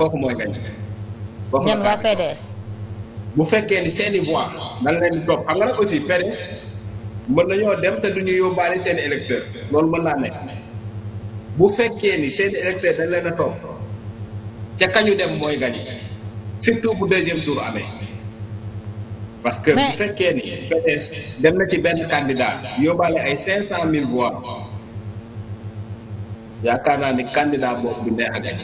kooku mooy gañ ñan waa PDS bu fekkee ni seeni i voix nan leen di topp xam nga nag aussi PDS mën nañoo dem te du ñu yóbbaale seen i loolu mën naa nekk bu fekkee ni seen électeurs dañ leen topp ca kañu dem mooy gañ surtout bu deuxième tour amee parce que bu fekkee ni PDS dem na ci benn candidat yóbbaale ay cinq cent mille voix yaakaar naa ni candidat boobu du neex a gañ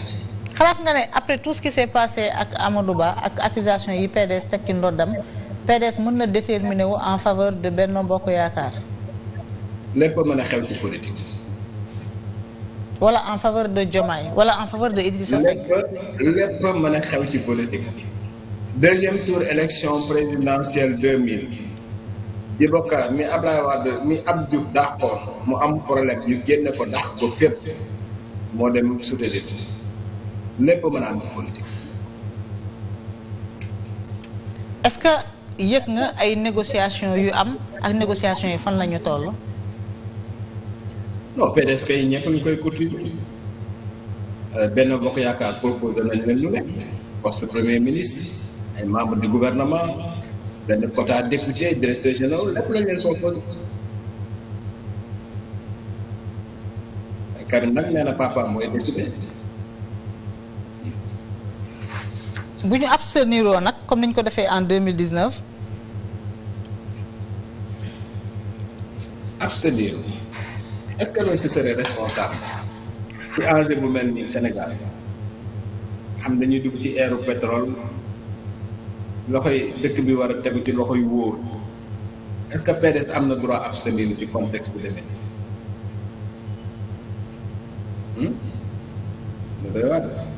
xalaat nga ne après tout ce qui s'est passé ak Amadou Ba ak accusation yi PDS tekki ndoddam PDS mën na déterminer wu en faveur de benn Bokk Yaakaar. lépp mën a xew ci politique. en faveur de Diomaye wala en faveur de Idrissa mën a xew ci politique. deuxième tour élection présidentielle di bokk mi Abdoulaye Wade mi Abdou Diouf dàqoon mu am problème ñu génne ko dàq ko fépp moo dem soutenir. lépp mën a am politique. est que yëg nga ay négociations yu am ak négociations yi fan la ñu toll. non PDS kay ñëpp ñu koy courtiser euh, benn bokk yaakaar proposé nañ leen lu nekk poste premier ministre ay membre du gouvernement benn quota député directeur général lépp lañ leen proposé. Karim nag nee na papa mooy décidé. bu ñu absteniroo nag comme ni ñu ko defee en 2019. abstenir est-ce que loolu ce serait responsable ci enjeu bu mel ni Sénégal am dañuy dugg ci eeru pétrole yi dëkk bi war a tegu ci loxo loxoy wóor est-ce am na droit abstenir ci contexte bu demee nii. Hmm?